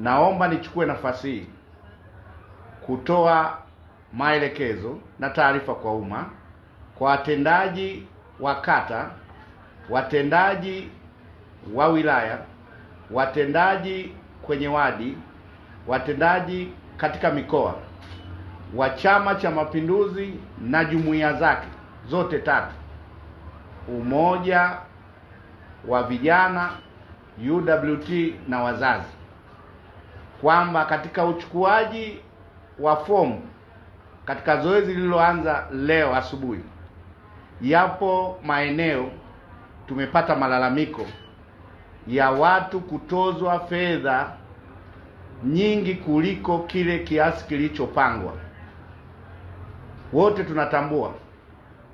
Naomba nichukue nafasi hii kutoa maelekezo na taarifa kwa umma, kwa watendaji wa kata, watendaji wa wilaya, watendaji kwenye wadi, watendaji katika mikoa wa Chama cha Mapinduzi na jumuiya zake zote tatu, umoja wa vijana UWT na wazazi kwamba katika uchukuaji wa fomu katika zoezi lililoanza leo asubuhi, yapo maeneo tumepata malalamiko ya watu kutozwa fedha nyingi kuliko kile kiasi kilichopangwa. Wote tunatambua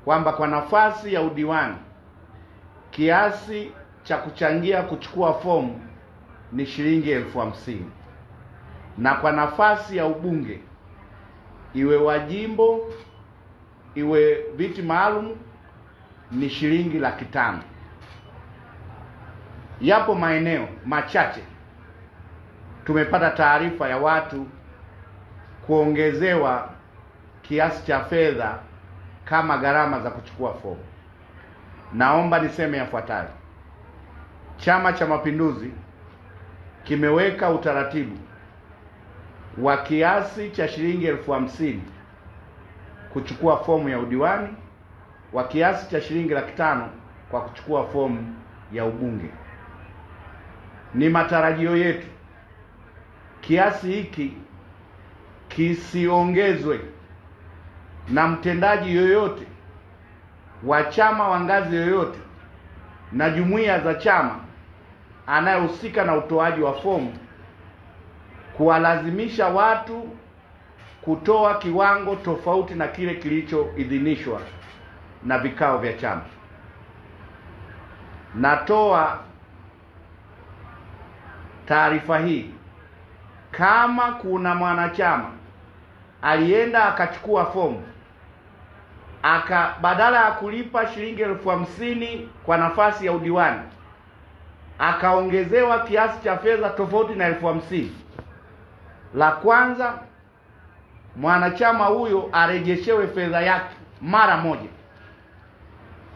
kwamba kwa nafasi ya udiwani kiasi cha kuchangia kuchukua fomu ni shilingi elfu hamsini na kwa nafasi ya ubunge, iwe wajimbo iwe viti maalum, ni shilingi laki tano. Yapo maeneo machache tumepata taarifa ya watu kuongezewa kiasi cha fedha kama gharama za kuchukua fomu. Naomba niseme yafuatayo: Chama cha Mapinduzi kimeweka utaratibu wa kiasi cha shilingi elfu hamsini kuchukua fomu ya udiwani, wa kiasi cha shilingi laki tano kwa kuchukua fomu ya ubunge. Ni matarajio yetu kiasi hiki kisiongezwe na mtendaji yoyote wa chama wa ngazi yoyote na jumuiya za chama anayehusika na utoaji wa fomu kuwalazimisha watu kutoa kiwango tofauti na kile kilichoidhinishwa na vikao vya chama. Natoa taarifa hii kama kuna mwanachama alienda akachukua fomu aka badala ya kulipa shilingi elfu hamsini kwa nafasi ya udiwani akaongezewa kiasi cha fedha tofauti na elfu hamsini la kwanza, mwanachama huyo arejeshewe fedha yake mara moja.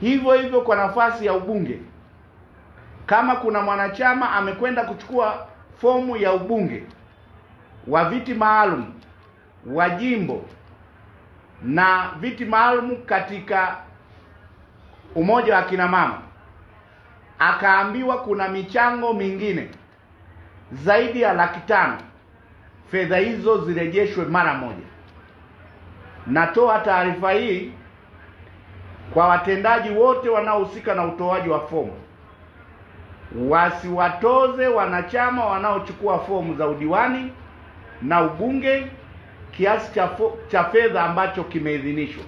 Hivyo hivyo kwa nafasi ya ubunge, kama kuna mwanachama amekwenda kuchukua fomu ya ubunge wa viti maalum wa jimbo na viti maalum katika umoja wa kina mama, akaambiwa kuna michango mingine zaidi ya laki tano fedha hizo zirejeshwe mara moja. Natoa taarifa hii kwa watendaji wote wanaohusika na utoaji wa fomu, wasiwatoze wanachama wanaochukua fomu za udiwani na ubunge kiasi cha fedha ambacho kimeidhinishwa.